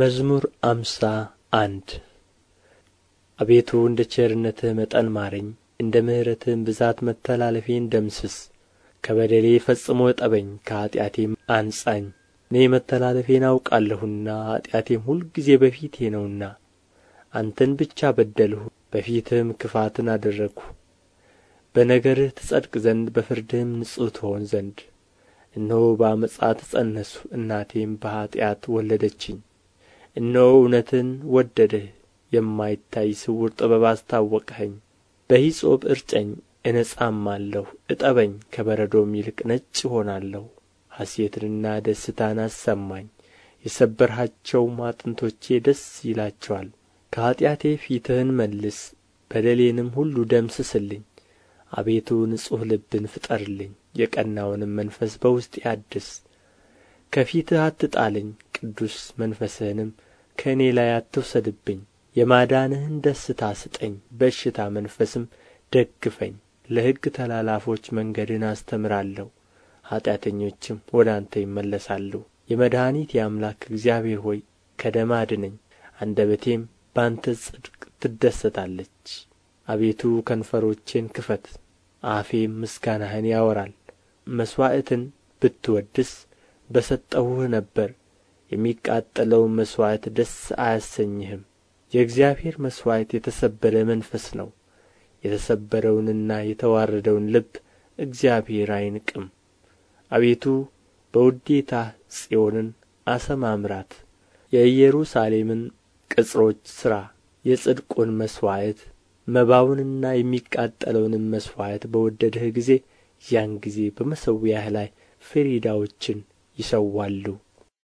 መዝሙር ሃምሳ አንድ አቤቱ እንደ ቸርነትህ መጠን ማረኝ እንደ ምሕረትህም ብዛት መተላለፌን ደምስስ ከበደሌ ፈጽሞ እጠበኝ ከኃጢአቴም አንጻኝ እኔ መተላለፌን አውቃለሁና ኃጢአቴም ሁልጊዜ በፊቴ ነውና አንተን ብቻ በደልሁ በፊትህም ክፋትን አደረግሁ በነገርህ ትጸድቅ ዘንድ በፍርድህም ንጹሕ ትሆን ዘንድ እነሆ በአመፃ ተፀነስሁ እናቴም በኀጢአት ወለደችኝ እነሆ እውነትህን ወደድህ የማይታይ ስውር ጥበብ አስታወቅኸኝ በሂሶጵ እርጨኝ እነጻማለሁ እጠበኝ ከበረዶም ይልቅ ነጭ እሆናለሁ ሐሴትንና ደስታን አሰማኝ የሰበርሃቸውም አጥንቶቼ ደስ ይላቸዋል ከኀጢአቴ ፊትህን መልስ በደሌንም ሁሉ ደምስስልኝ አቤቱ ንጹሕ ልብን ፍጠርልኝ የቀናውንም መንፈስ በውስጤ አድስ ከፊትህ አትጣለኝ ቅዱስ መንፈስህንም ከእኔ ላይ አትውሰድብኝ የማዳንህን ደስታ ስጠኝ በእሽታ መንፈስም ደግፈኝ ለሕግ ተላላፎች መንገድን አስተምራለሁ ኀጢአተኞችም ወደ አንተ ይመለሳሉ የመድኃኒት የአምላክ እግዚአብሔር ሆይ ከደም አድነኝ አንደበቴም በአንተ ጽድቅ ትደሰታለች አቤቱ ከንፈሮቼን ክፈት አፌም ምስጋናህን ያወራል መሥዋዕትን ብትወድስ በሰጠሁህ ነበር የሚቃጠለውን መሥዋዕት ደስ አያሰኝህም የእግዚአብሔር መሥዋዕት የተሰበረ መንፈስ ነው የተሰበረውንና የተዋረደውን ልብ እግዚአብሔር አይንቅም አቤቱ በውዴታህ ጽዮንን አሰማምራት የኢየሩሳሌምን ቅጽሮች ሥራ የጽድቁን መሥዋዕት መባውንና የሚቃጠለውንም መሥዋዕት በወደድህ ጊዜ ያን ጊዜ በመሠዊያህ ላይ ፍሪዳዎችን ይሠዋሉ